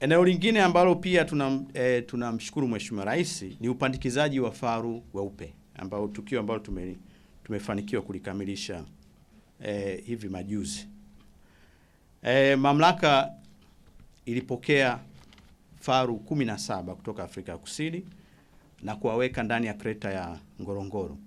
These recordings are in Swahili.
Eneo lingine ambalo pia tunam, e, tunamshukuru Mheshimiwa Rais ni upandikizaji wa faru weupe ambao tukio ambalo tume, tumefanikiwa kulikamilisha e, hivi majuzi. E, mamlaka ilipokea faru 17 kutoka Afrika ya Kusini na kuwaweka ndani ya kreta ya Ngorongoro.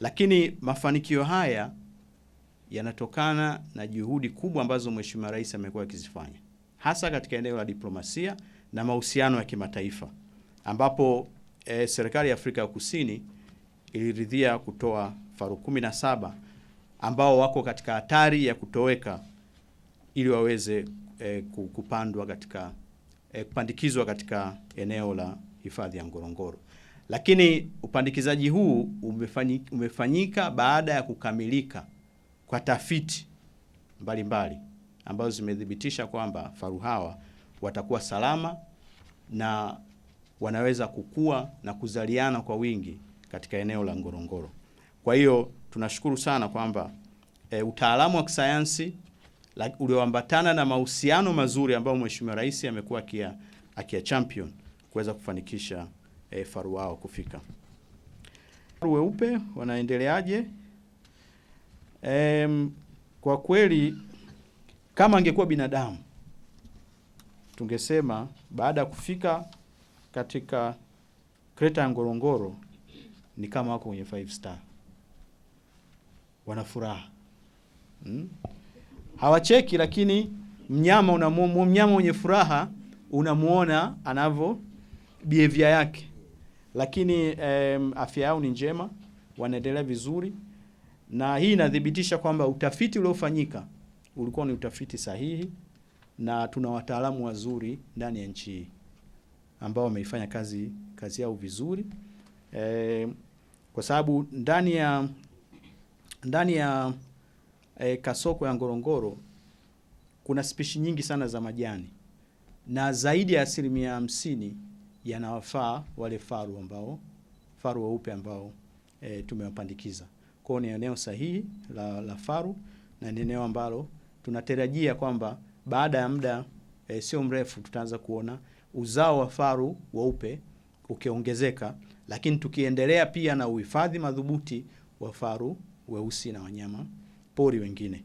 Lakini mafanikio haya yanatokana na juhudi kubwa ambazo Mheshimiwa Rais amekuwa akizifanya hasa katika eneo la diplomasia na mahusiano ya kimataifa ambapo e, serikali ya Afrika ya Kusini iliridhia kutoa faru 17 ambao wako katika hatari ya kutoweka ili waweze e, kupandwa katika e, kupandikizwa katika eneo la hifadhi ya Ngorongoro. Lakini upandikizaji huu umefanyika, umefanyika baada ya kukamilika kwa tafiti mbalimbali mbali ambazo zimethibitisha kwamba faru hawa watakuwa salama na wanaweza kukua na kuzaliana kwa wingi katika eneo la Ngorongoro. Kwa hiyo tunashukuru sana kwamba e, utaalamu wa kisayansi ulioambatana na mahusiano mazuri ambayo Mheshimiwa Rais amekuwa akia, akia champion kuweza kufanikisha e, faru wao kufika. Faru weupe wanaendeleaje? E, kwa kweli kama angekuwa binadamu tungesema baada ya kufika katika kreta ya Ngorongoro ni kama wako kwenye five star, wana furaha hmm? Hawacheki, lakini mnyama unamuona, mnyama mwenye furaha unamuona anavyo behavior yake, lakini um, afya yao ni njema, wanaendelea vizuri, na hii inathibitisha kwamba utafiti uliofanyika ulikuwa ni utafiti sahihi na tuna wataalamu wazuri ndani ya nchi hii ambao wameifanya kazi kazi yao vizuri e, kwa sababu ndani ya ndani ya e, kasoko ya Ngorongoro kuna spishi nyingi sana za majani na zaidi ya asilimia hamsini yanawafaa wale faru ambao faru weupe ambao e, tumewapandikiza. Kwao ni eneo sahihi la, la faru na ni eneo ambalo tunatarajia kwamba baada ya muda e, sio mrefu tutaanza kuona uzao wa faru weupe ukiongezeka, lakini tukiendelea pia na uhifadhi madhubuti wa faru weusi na wanyama pori wengine.